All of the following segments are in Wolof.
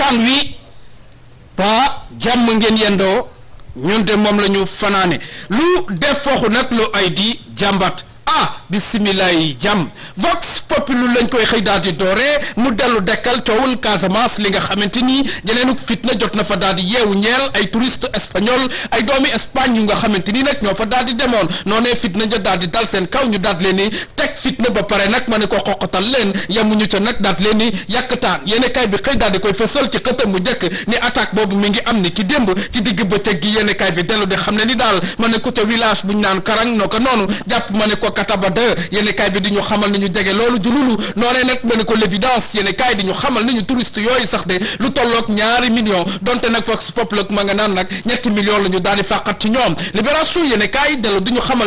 askan wi ba jàmm ngeen yendoo ñun moom lañu ñu fanaane lu def foofu nag lu ay di jàmbat ah, bisimilah yi jàmm Vox Populi lañ koy xëy daal di doore mu dellu dekkal coowul Casamance li nga xamante ni jeneenuk fitna jot na fa daal di yeewu ñeel ay touriste espagnol ay doomi Espagne yu nga xamante ni nag ñoo fa daal di demoon noonee fitna ja daal di dal seen kaw ñu daal leen ni teg fitna ba pare nag ma ne ko xoqatal leen ñu ca nag daal leen ni yàkkataan yéene kaay bi xëy daal di koy fësal ci xëtam mu njëkk ni attaque boobu mi ngi am ni ki démb ci digg bëccëg gi yéene bi dellu di xam ne ni daal ma ko ca bu ñu naan Karang noo noonu jàpp ko yéen kaay bi di ñu xamal ni ñu jege loolu jululu noonee nag mën ko l'évidence yéen kaay ñu xamal ni ñu touriste yooyu sax de lu tolloog ñaari millions donte nag Vox Populi ma nga naan nag ñetti millions la daal di fàqat ci ñoom libération yéen kaay bi dellu na di xam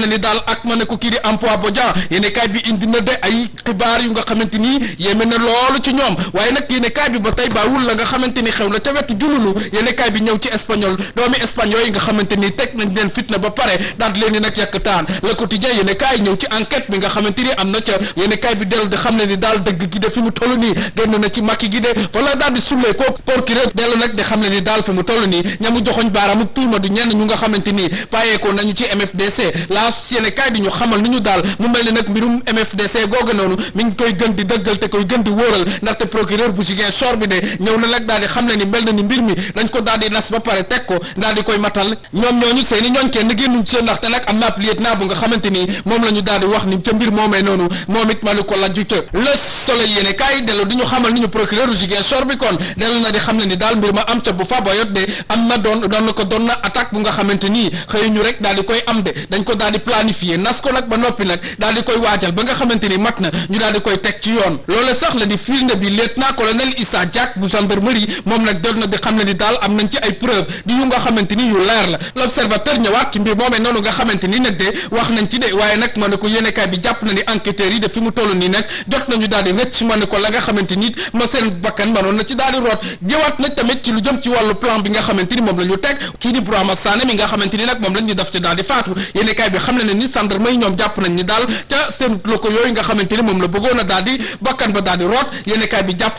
le ni daal ak ma ne ko kii di emploi Bodian bi indi na de ay xibaar yu nga xamante ni na loolu ci ñoom waaye nag yéen bi ba tey baawul la nga xam xamante ni xew la te wetu jululu yéen kaay bi ñëw ci espagnol doomi Espagne yooyu nag yàq taan le nag mbirum MFDC googu noonu mi ngi koy gën di dëggal te koy gën di wóoral ndaxte procureur bu Ziguinchor bi de ñëw na nag daal di xam le ni mel na ni mbir ba pare teg ko daal di koy matal ñoom ñooñu seeni ñooñ kenn génnuñ ci ndaxte nag am na ab liet naa bu nga xamante ni moom la ñu xamal ni ñu procureur u Ziguinchor bi kon dellu na di xam ni daal mbir ma am ca bu fa boyot de am na doon na ko doon na attaque bu nga xamante nii rek daal di koy am de dañ ko daal di planifier nas ko nag ba noppi nag daal di koy waajal ba nga xamante mat na ñu daal di koy teg ci yoon loole sax la di firnde bi lieutenant colonel Issa Diack bu gendarmerie yi moom nag dellu na di xam ne ni daal am nañ ci ay preuve di yu nga xamante yu leer la l' observateur ñëwaat ci mbir moomee noonu nga xamante nag de wax nañ ci de waaye nag ma ne ko la nga xamante moom la teg kii di Bourama Sané mi nga xamante nag moom lañ def ci daal di faatu yéenekaay bi xam na ni gendarme yi ñoom jàpp nañ ni daal ca seen loko yooyu nga xamante moom la bëggoon a daal di bakkan ba daal di root yéenekaay bi jàpp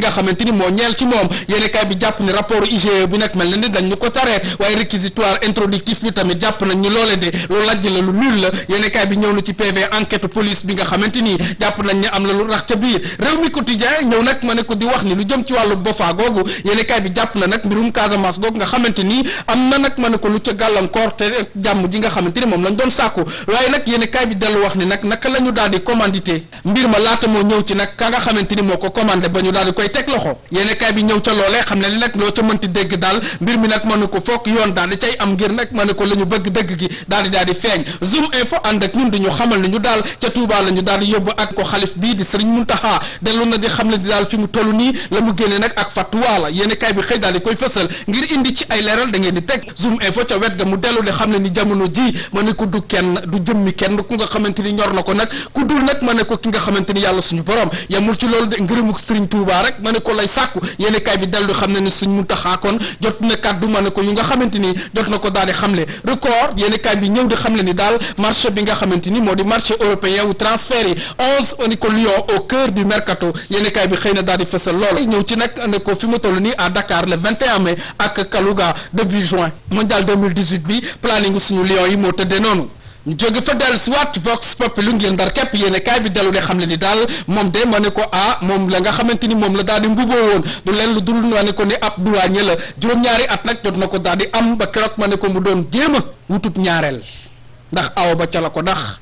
nga xamante ni moo ñeel ci moom yéen kay bi jàpp ni rapport IGE bi nag mel na ni dañ ñu ko taree waaye lañ doon sàkku waaye nag yéen kay bi dellu wax ni nag naka la ñu di commandité mbir ma laata moo ñëw ci nag ka nga xamante ni moo ko commandé ba ñu daal di koy teg loxo yéene kaay bi ñëw ca loolee xam ne li nag loo ca mënti dégg daal mbir mi nag mënu ko foog yoon daal di cay am ngir nag mënu ko la ñu bëgg dëgg gi daal di daal di feeñ zoom info ànd ak ñun ñu xamal ne ñu daal ca Touba la ñu daal di yóbbu ak ko xalif bii di Serigne Mountakha dellu na di xam ne di daal fi mu toll nii la mu génne nag ak fatwa la yéene kaay bi xëy daal di koy fësal ngir indi ci ay leeral da ngeen di teg zoom info ca wet ga mu dellu di xam ne ni jamono ji ma ne ko du kenn du jëmmi kenn ku nga xamante ni ñor na ko nag ku dul nag ma ne ko ki nga xamante ni yàlla suñu borom yamul ci loolu de ngërëmuk Serigne Touba rek ma ne ko lay sàkku yéen bi dal dellu xam ne ni suñ mun taxaakoon jot na kàddu ma ne ko yu nga xamante ni jot na ko daal di xamle record yéen kay bi ñëw di xamle ni daal marché bi nga xamante ni moo di marché européen wu transfert yi onze ni ko Lyon au cœur du mercato yéen bi xëy na daal di fësal lool ñëw ci nag ne ko fi ma toll nii à Dakar le 21 mai ak Kalouga début juin mondial 2018 bi planning suñu Lions yi moo tëdde noonu ñu jóge fa dellu siwaat Vox Populi ngir ndar képp yéen kaay bi dellu de xam le ni daal moom de ma ne ko ah moom la nga xamante ni moom la daal di mbuboo woon du leen lu dul ma ne ko ne ab douanier la juróom-ñaari at nag jot na ko daal di am ba keroog ma ne ko mu doon jéem a wutub ñaareel ndax aw ba ca la ko ndax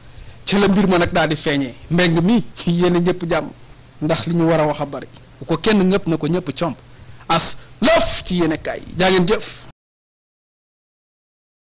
ca la mbir ma nag daal di feeñee mbeng mi yéen ñëpp jàmm ndax li ñu war a wax a bari bu ko kenn ñëpp na ko ñëpp comp as loof ci yéen kaay jaa ngeen jëf